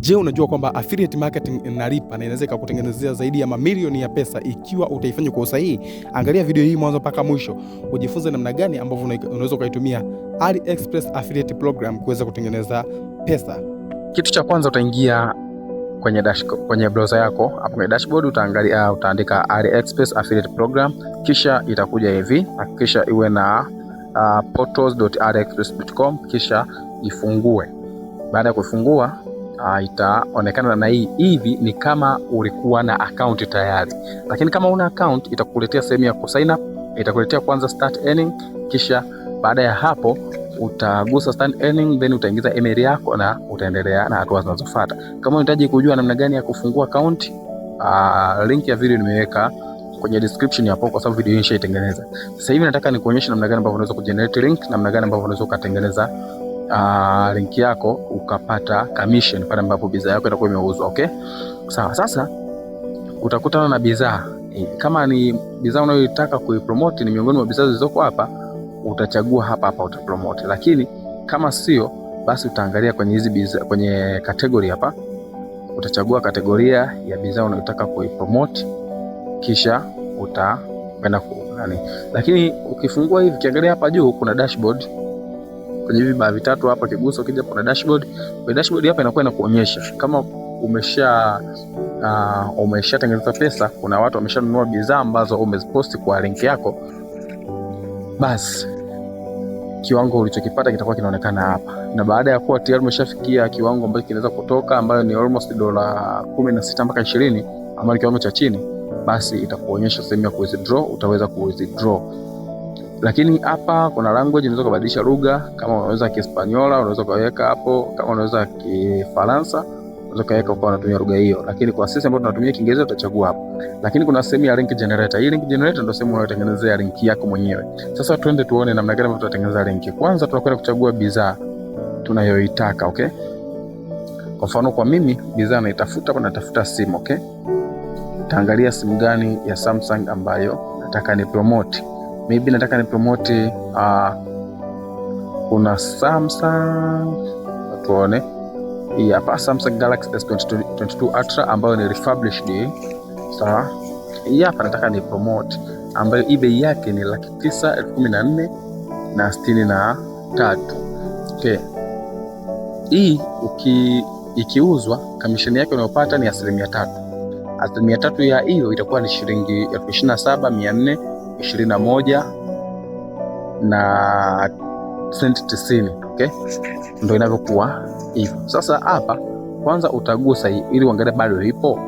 Je, unajua kwamba affiliate marketing inalipa na inaweza ikakutengenezea zaidi ya mamilioni ya pesa ikiwa utaifanya kwa usahihi? Angalia video hii mwanzo mpaka mwisho ujifunze namna gani ambavyo unaweza ukaitumia AliExpress affiliate program kuweza kutengeneza pesa. Kitu cha kwanza utaingia kwenye dash, kwenye browser yako hapo kwenye dashboard utaangalia, ah, utaandika AliExpress affiliate program, kisha itakuja hivi. Hakikisha iwe na uh, ah, portals.aliexpress.com, kisha ifungue. Baada ya kufungua uh, itaonekana na hii hivi ni kama ulikuwa na account tayari, lakini kama una account itakuletea sehemu ya kusign up, itakuletea kwanza start earning, kisha baada ya hapo utagusa start earning, then utaingiza email yako na utaendelea na hatua zinazofuata. Kama unahitaji kujua namna gani ya kufungua account, uh, link ya video nimeweka kwenye description hapo, kwa sababu video hii nishaitengeneza. Sasa hivi nataka nikuonyeshe namna gani ambavyo unaweza kugenerate link, namna gani ambavyo unaweza ukatengeneza uh, link yako ukapata commission pale ambapo bidhaa yako itakuwa imeuzwa. Okay, sawa. Sasa utakutana na bidhaa eh, kama ni bidhaa unayotaka kuipromote ni miongoni mwa bidhaa zilizoko hapa, utachagua hapa hapa utapromote, lakini kama sio basi utaangalia kwenye hizi bidhaa, kwenye category hapa utachagua kategoria ya bidhaa unayotaka kuipromote kisha utaenda ku nani, lakini ukifungua hivi kiangalia hapa juu kuna dashboard kwenye hivi baa vitatu hapa, kiguso kija, kuna dashboard. Kwa dashboard hapa inakuwa inakuonyesha kama umesha uh, umeshatengeneza pesa, kuna watu wameshanunua bidhaa ambazo umeziposti kwa link yako, basi kiwango ulichokipata kitakuwa kinaonekana hapa, na baada ya kuwa tayari umeshafikia kiwango ambacho kinaweza kutoka, ambayo ni almost dola kumi na sita mpaka ishirini ambayo ni kiwango cha chini, basi itakuonyesha sehemu ya kuwithdraw, utaweza ku lakini hapa kuna language, unaweza kubadilisha lugha. Kama unaweza Kihispaniola unaweza ukaweka hapo, kama unaweza Kifaransa unaweza ukaweka kwa unatumia lugha hiyo, lakini kwa sisi ambao tunatumia Kiingereza utachagua hapo. Lakini kuna sehemu ya link generator. Hii link generator ndio sehemu unayotengenezea link yako mwenyewe. Sasa twende tuone namna gani ambavyo tutatengeneza link. Kwanza tunakwenda kuchagua bidhaa tunayoitaka, okay? Kwa mfano kwa mimi bidhaa naitafuta hapa, natafuta simu, okay? Taangalia simu gani ya Samsung ambayo nataka ni promote maybe nataka ni promote uh, kuna Samsung tuone hii hapa Samsung Galaxy S22 Ultra ambayo ni refurbished. Sawa, hii hapa nataka ni promote ambayo bei yake ni laki tisa elfu kumi na nne na sitini na tatu. Okay, hii uki ikiuzwa kamisheni yake unayopata ni asilimia tatu. Asilimia tatu ya hiyo itakuwa ni shilingi elfu ishirini na saba mia nne ishirini na moja na senti tisini okay? Ndo inavyokuwa hivyo. Sasa hapa kwanza utagusa hii ili uangalie bado ipo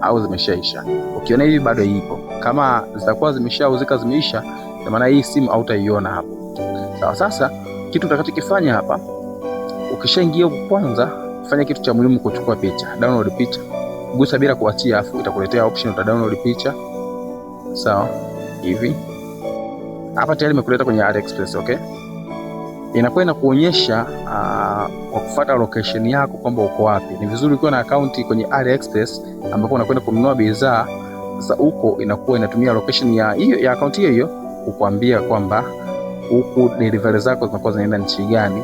au zimeshaisha. Ukiona hivi bado ipo, kama zitakuwa zimeshauzika zimeisha, na maana hii simu hautaiona hapo. Sawa. Sasa kitu utakachokifanya hapa, ukishaingia kwanza, fanya kitu cha muhimu, kuchukua picha, download picha, gusa bila kuachia, afu itakuletea option uta download picha. Sawa hivi hapa tayari imekuleta kwenye AliExpress, okay? Inakuwa inakuonyesha uh, kwa kufuata location yako kwamba uko wapi. Ni vizuri ukiwa na account kwenye AliExpress ambapo unakwenda kununua bidhaa sasa, huko inakuwa inatumia location ya hiyo ya account hiyo hiyo kukuambia kwamba huku delivery zako zinakuwa zinaenda nchi gani,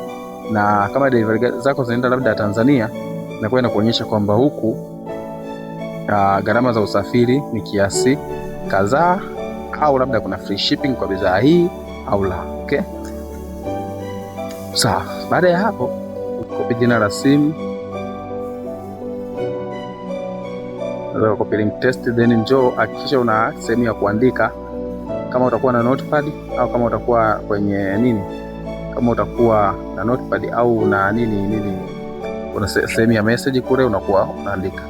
na kama delivery zako zinaenda labda Tanzania, inakuwa inakuonyesha kwamba huku uh, gharama za usafiri ni kiasi kadhaa au labda kuna free shipping kwa bidhaa hii au la. Okay, sawa. Baada ya hapo, kopi jina la simu, kopi link test, then njoo hakikisha una sehemu ya kuandika, kama utakuwa na notepad au kama utakuwa kwenye nini, kama utakuwa na notepad au una nini nini, una sehemu ya message kule unakuwa unaandika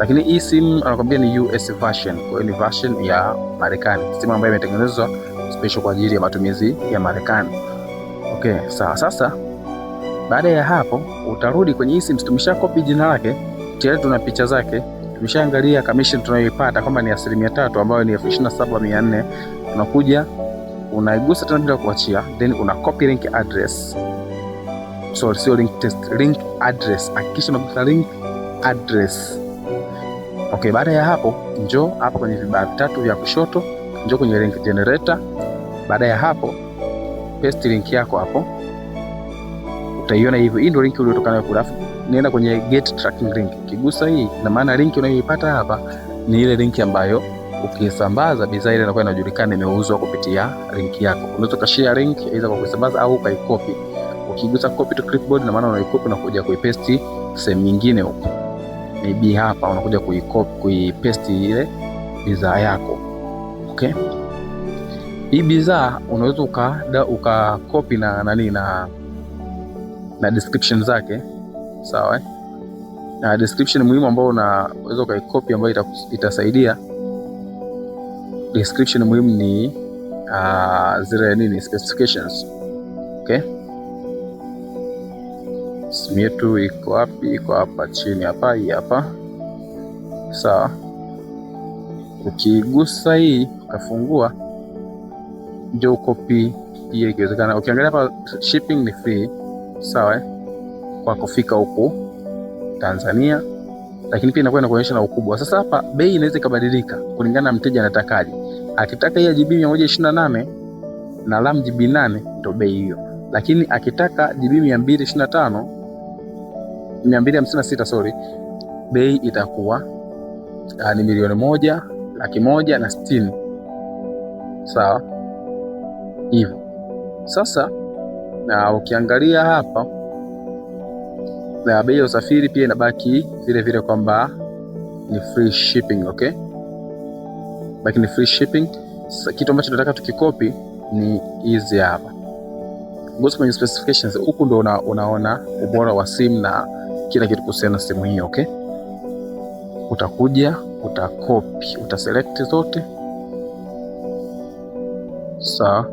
lakini hii simu anakuambia ni US version, kwa hiyo ni version ya Marekani, simu ambayo imetengenezwa special kwa ajili ya matumizi ya Marekani. Okay, sawa. Sasa baada ya hapo utarudi kwenye hii simu, tumesha copy jina lake tayari, tuna picha zake, tumeshaangalia commission tunayoipata kwamba ni asilimia tatu ambayo ni 27400 tunakuja unaigusa tena bila kuachia, then una copy link address. Sorry, sio link test, link address. Hakikisha unagusa link address Okay, baada ya hapo njoo hapa kwenye vibaa vitatu vya kushoto, njoo kwenye link generator. Baada ya hapo paste link yako hapo, utaiona hivyo. Hii ndio link uliotoka nayo kule, nenda kwenye get tracking link. Kigusa hii na maana link unayoipata hapa ni ile link ambayo ukisambaza bidhaa ile inakuwa inajulikana imeuzwa kupitia link yako. Unaweza ukashare link aidha kwa kusambaza au ukaikopi. Ukigusa copy to clipboard, na maana unaikopi na kuja kuipaste sehemu nyingine huko maybe hapa unakuja kuicopy kuipaste ile bidhaa yako okay. Hii bidhaa unaweza ukakopi na nani na, na description zake sawa eh? na description muhimu ambayo unaweza ukaikopi ambayo itasaidia description muhimu ni uh, zile nini specifications okay simu yetu iko wapi? Iko hapa chini hapa, hii hapa sawa. Ukigusa hii ukafungua, ndio ukopi pia ikiwezekana. Ukiangalia hapa shipping ni free, sawa eh, kwa kufika huku Tanzania, lakini pia inakuwa inakuonyesha na ukubwa. Sasa hapa bei inaweza ikabadilika kulingana na mteja anatakaje. Akitaka hii GB 128 na RAM GB 8 ndio bei hiyo, lakini akitaka GB 225 256 sorry, bei itakuwa uh, ni milioni moja laki moja na sitini. Sawa hivyo sasa, na ukiangalia hapa na bei ya usafiri pia inabaki vile vile kwamba ni free shipping, okay? Baki ni free shipping. Sasa kitu ambacho tunataka tukikopi ni hizi hapa, ngoja kwenye specifications huku ndo una, unaona ubora wa simu na kila kitu kuhusiana na sehemu hiyo okay? Utakuja utakopi, utaselect zote sawa,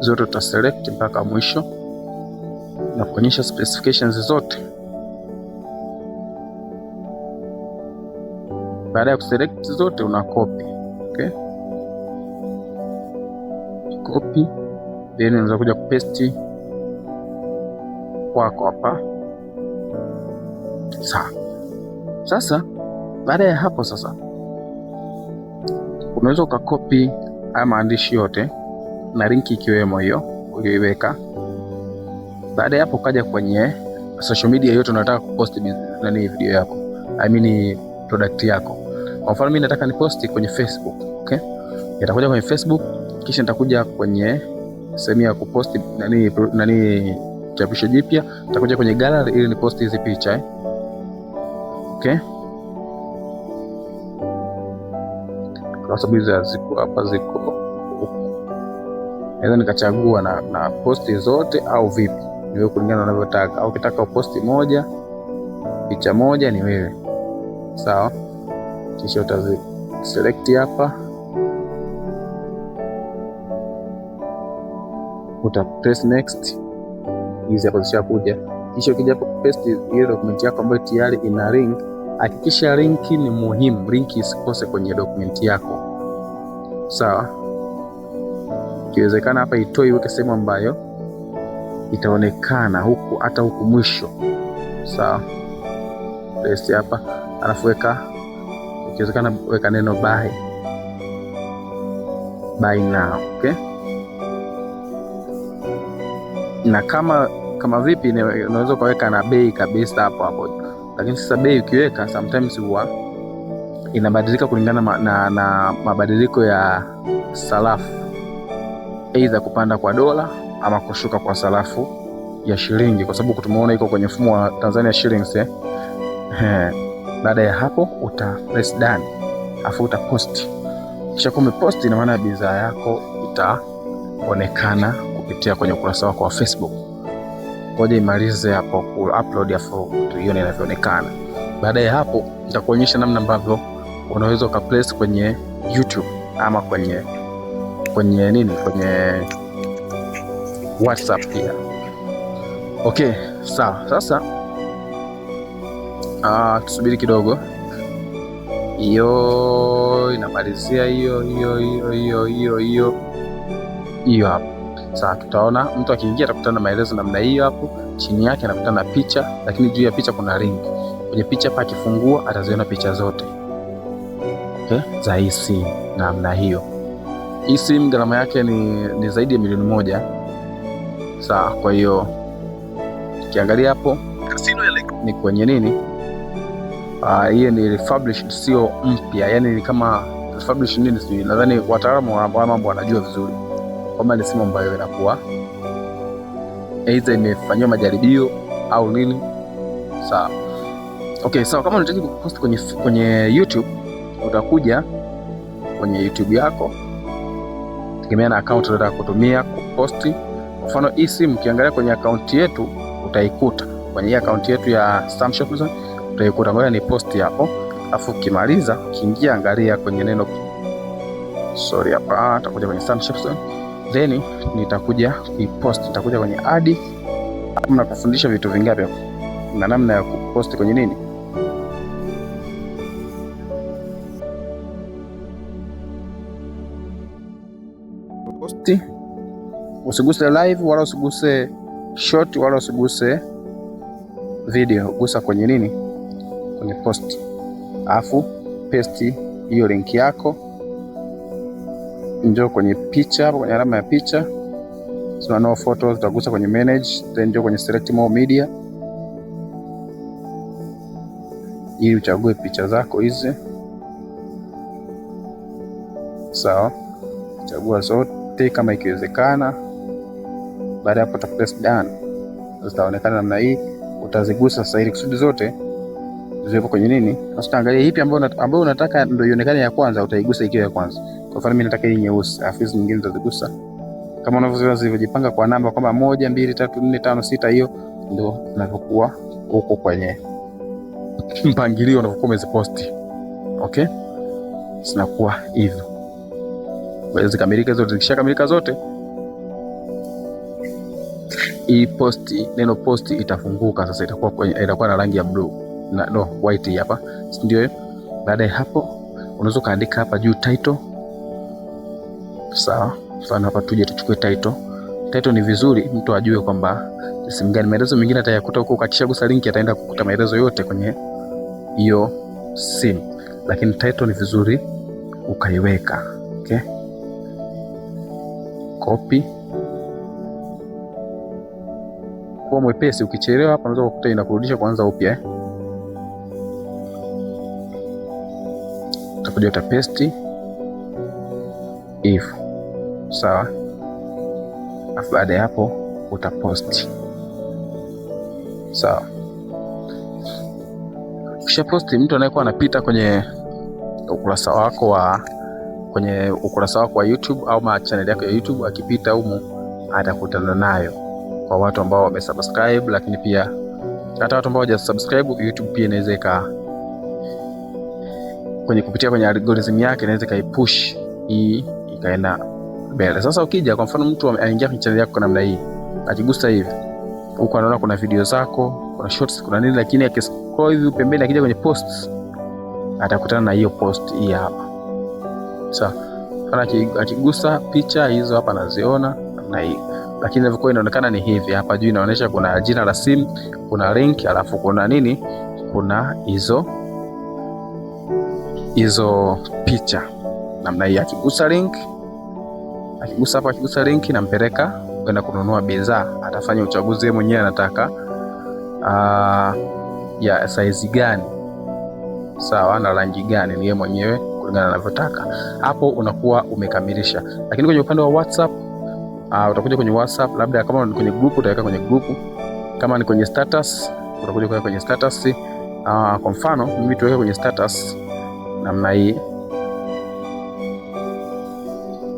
zote utaselect mpaka mwisho na kuonyesha specifications zote. Baada ya kuselect zote una copy okay? Copy then unaweza kuja kupaste kwako hapa. Sawa. Sasa baada ya hapo sasa unaweza ukakopi haya maandishi yote na linki ikiwemo hiyo uliyoiweka. Baada ya hapo ukaja kwenye social media yote unataka kupost nani video yako, I mean product yako. Kwa mfano mimi nataka niposti kwenye Facebook, okay? Nitakuja kwenye Facebook kisha nitakuja kwenye sehemu ya kuposti nani nani chapisho jipya, utakuja kwenye gallery ili ni post hizi picha eh. Okay, kwa sababu hizi ziko hapa, ziko naweza nikachagua na, na posti zote au vipi, ni wewe kulingana unavyotaka, au ukitaka uposti moja picha moja ni wewe sawa, kisha utazi select hapa, uta press next hizi hapo zishakuja. Kisha ukija hapo paste ile document yako ambayo tayari ina link. Hakikisha link ni muhimu, link isikose kwenye document yako, sawa. Ikiwezekana hapa itoe, iweke sehemu ambayo itaonekana huku hata huku mwisho, sawa. Paste hapa, alafu weka, ikiwezekana weka neno buy buy now, okay na kama kama vipi, unaweza ukaweka na bei kabisa hapo hapo, lakini sasa bei ukiweka sometimes huwa inabadilika kulingana na, na, na mabadiliko ya sarafu, aidha kupanda kwa dola ama kushuka kwa sarafu ya shilingi, kwa sababu tumeona iko kwenye mfumo wa Tanzania shillings eh. Baada ya hapo uta press done, afu uta post, kisha kumepost, ina maana bidhaa yako itaonekana kupitia kwenye ukurasa wako wa Facebook. Ngoja imalize hapo ku upload afu tuione inavyoonekana. Baada ya hapo, nitakuonyesha namna ambavyo unaweza ukaplace kwenye YouTube ama kwenye kwenye nini, kwenye WhatsApp pia. Okay, sawa. Sasa uh, tusubiri kidogo hiyo inamalizia hiyo hiyo hiyo hiyo hiyo hiyo hiyo hapo. Sasa tutaona mtu akiingia atakutana na maelezo namna hiyo hapo, chini yake anakutana na picha, lakini juu ya picha kuna link. Kwenye picha hapa akifungua ataziona picha zote. Okay, eh, za hii simu namna hiyo. Hii simu gharama yake ni, ni zaidi ya milioni moja. Sawa, kwa hiyo ukiangalia hapo ni kwenye nini ah, hiyo, ni refurbished, sio mpya, yani ni kama refurbished nini, sijui nadhani wataalamu wa mambo wanajua vizuri kwamba ni simu ambayo inakuwa aidha imefanyiwa majaribio au nini. Sawa, okay, sawa. Kama unataka kupost kwenye, kwenye YouTube utakuja kwenye YouTube yako tegemea na account unataka kutumia kupost. Kwa mfano hii simu ukiangalia kwenye account yetu utaikuta kwenye hii account yetu ya Samshop utaikuta. Ngoja ni post hapo, afu ukimaliza ukiingia, angalia kwenye neno sorry, hapa atakuja kwenye Samshop then nitakuja kuipost, nitakuja kwenye ad. kufundisha vitu vingapi na namna ya kupost kwenye nini posti. Usiguse live wala usiguse short wala usiguse video, gusa kwenye nini, kwenye post, alafu paste hiyo link yako njoo kwenye picha hapo kwenye alama ya picha, tuna no photos, utagusa kwenye manage, then njoo kwenye select more media ili uchague picha zako hizi. Sawa, chagua zote kama ikiwezekana. Baada ya hapo, utapress done, zitaonekana namna hii. Utazigusa sasa ili kusudi zote ziwepo kwenye nini. Sasa utaangalia ipi ambayo ambayo unataka ndio ionekane ya kwanza, utaigusa ikiwa ya kwanza. Kwa mfano mimi nataka hii nyeusi, alafu hizo nyingine nitazigusa kama unavyoziona zilivyojipanga kwa namba kwamba moja, mbili, tatu, nne, tano, sita. Hiyo ndio unavyokuwa huko kwenye mpangilio unavyokuwa umeziposti. Okay, zinakuwa hivyo. Zikamilika zote, zikishakamilika zote hii posti, neno posti itafunguka sasa, itakuwa itakuwa na rangi ya bluu na, no, white hapa, ndio. Baada ya hapo, unaweza kaandika hapa juu title, sawa. Mfano hapa tuje tuchukue title. Title ni vizuri mtu ajue kwamba simu gani. Maelezo mengine atayakuta huko, gusa linki ataenda kukuta maelezo yote kwenye hiyo simu, lakini title ni vizuri ukaiweka. Okay, copy kwa mwepesi. Ukichelewa hapa, unaweza kukuta inakurudisha kuanza upya eh. utakuja paste if sawa, alafu baada ya hapo post sawa. Kisha post, mtu anayekuwa anapita kwenye ukurasa wako wa kwenye ukurasa wako wa YouTube au channel yako ya YouTube, akipita humu atakutana nayo kwa watu ambao wamesubscribe, lakini pia hata watu ambao hawajasubscribe YouTube pia inaweza kwenye kupitia kwenye algorithm yake inaweza ikaipush hii ikaenda mbele. Sasa ukija kwa mfano mtu anaingia kwenye channel yako kwa namna hii, akigusa hivi huko anaona kuna video zako, kuna shorts, kuna nini, lakini akiscroll hivi pembeni, akija kwenye posts atakutana na hiyo post hii hapa. Sasa so, akigusa picha hizo hapa anaziona na hii lakini inavyokuwa inaonekana ni hivi hapa juu, inaonyesha kuna jina la simu, kuna link, alafu kuna nini, kuna hizo hizo picha namna hii, akigusa link, akigusa hapa, akigusa link nampeleka kwenda kununua bidhaa, atafanya uchaguzi yeye mwenyewe anataka uh, ya size gani, sawa na rangi gani, ni yeye mwenyewe kulingana anavyotaka. Hapo unakuwa umekamilisha. Lakini kwenye upande wa WhatsApp Uh, utakuja kwenye WhatsApp labda kama ni kwenye group utaweka kwenye group, kama ni kwenye status utakuja kwenye status. Uh, kwa mfano mimi tuweka kwenye status namna hii,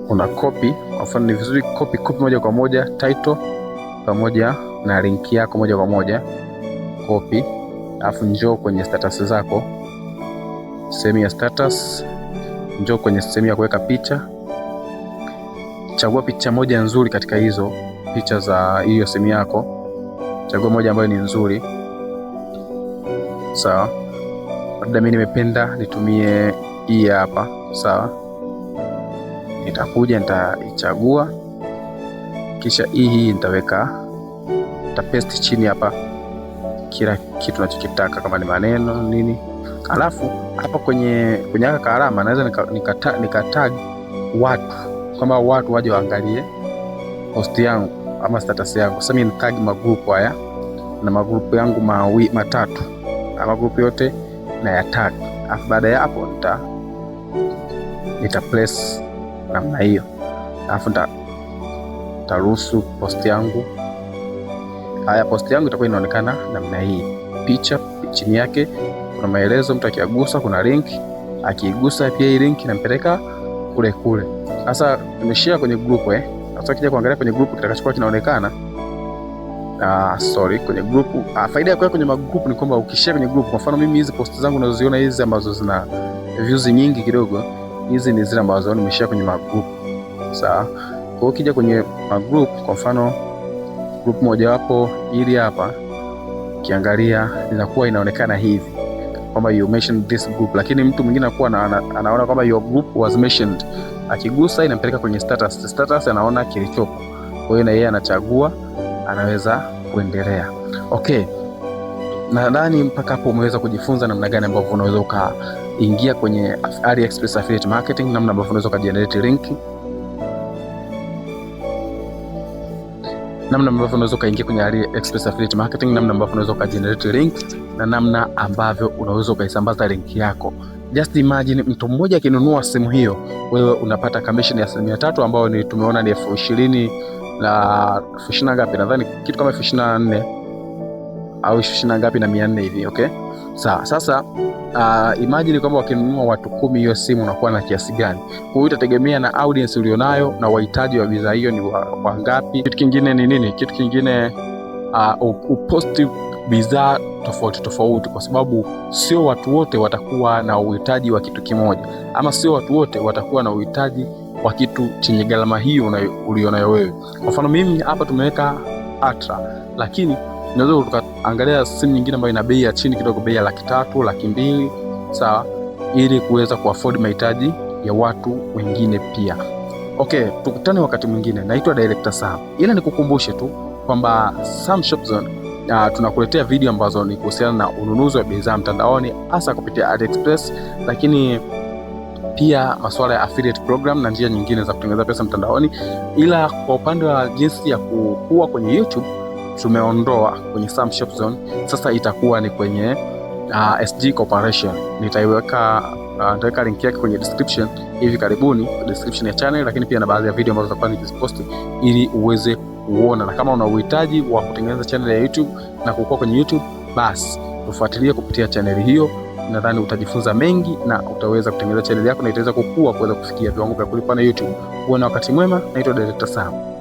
una copy. Kwa mfano ni vizuri copy copy moja kwa moja title pamoja na link yako moja kwa moja copy, alafu njoo kwenye status zako, sehemu ya status, njoo kwenye sehemu ya kuweka picha, chagua picha moja nzuri katika hizo picha za hiyo sehemu yako, chagua moja ambayo ni nzuri, sawa labda mimi nimependa nitumie hii hapa, sawa. Nitakuja nitaichagua, kisha hii hii nitaweka, nitapaste chini hapa kila kitu nachokitaka, kama ni maneno nini, alafu hapa kwenye kwenye haka karama naweza nikatag nika, nika watu kama watu waje waangalie post yangu ama status yangu. Sasa mimi nitag magrupu haya na magrupu yangu mawi, matatu ama magrupu yote na ya tatu, alafu baada ya hapo nita nita place namna hiyo, alafu nitaruhusu post yangu. Haya, post yangu itakuwa inaonekana namna hii, picha chini yake kuna maelezo, mtu akiagusa kuna link, akiigusa pia hii link inampeleka kule kule. Sasa tumeshare kwenye group eh, sasa kija kuangalia kwenye group kitakachokuwa kinaonekana uh, sorry, kwenye group uh, faida ya kuwa kwenye magroup ni kwamba ukishare kwenye group, kwa mfano mimi hizi post zangu unazoziona hizi ambazo zina views nyingi kidogo, hizi ni zile ambazo nimeshare kwenye magroup. Sawa, kwa hiyo ukija kwenye magroup, kwa mfano group moja wapo ili hapa ukiangalia inakuwa inaonekana hivi kwamba you mentioned this group, lakini mtu mwingine anakuwa ana, anaona kwamba your group was mentioned, akigusa inampeleka kwenye status. Status anaona kilichopo, kwa hiyo na yeye anachagua anaweza kuendelea. Okay, nadhani mpaka hapo umeweza kujifunza namna gani ambavyo unaweza ukaingia kwenye AliExpress affiliate marketing, namna ambavyo unaweza ukajenerate link, namna ambavyo unaweza ukaingia kwenye AliExpress affiliate marketing, namna ambavyo unaweza ukajenerate link na namna ambavyo unaweza ukaisambaza link yako. Just imagine mtu mmoja akinunua simu hiyo, wewe unapata commission ya asilimia tatu ambayo ni tumeona ni elfu ishirini la elfu ishirini na ngapi, nadhani kitu kama elfu ishirini na nne au elfu ishirini na ngapi na mia nne hivi okay? Sawa, sasa uh, imagine kwamba wakinunua watu kumi hiyo simu unakuwa na kiasi gani? Kwa hiyo itategemea na audience ulionayo na wahitaji wa bidhaa hiyo ni wangapi. Kitu kingine ni nini? Kitu kingine uh, uposti bidhaa tofauti tofauti, kwa sababu sio watu wote watakuwa na uhitaji wa kitu kimoja, ama sio watu wote watakuwa na uhitaji kwa kitu chenye gharama hiyo ulionayo wewe. Kwa mfano mimi hapa tumeweka Atra, lakini unaweza tukaangalia simu nyingine ambayo ina bei ya chini kidogo, bei ya laki tatu, laki mbili, sawa, ili kuweza kuafford mahitaji ya watu wengine pia. Okay, tukutane wakati mwingine. Naitwa Director Sam, ila nikukumbushe tu kwamba Sam Shop Zone Uh, tunakuletea video ambazo ni kuhusiana na ununuzi wa bidhaa mtandaoni hasa kupitia AliExpress, lakini pia masuala ya affiliate program na njia nyingine za kutengeneza pesa mtandaoni. Ila kwa upande wa jinsi ya kukua kwenye YouTube tumeondoa kwenye Sam Zone. sasa itakuwa ni kwenye uh, SG Corporation. Nitaiweka uh, nitaweka link yake kwenye description hivi karibuni, description ya channel, lakini pia na baadhi ya video ambazo zitakuwa nikiziposti ili uweze kuona, na kama una uhitaji wa kutengeneza channel ya YouTube na kukua kwenye YouTube, basi tufuatilie kupitia chaneli hiyo nadhani utajifunza mengi na utaweza kutengeneza chaneli yako na itaweza kukua kuweza kufikia viwango vya kulipa na YouTube. Huwa na wakati mwema. Naitwa Director Sam.